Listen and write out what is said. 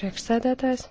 Priekšsēdētājs.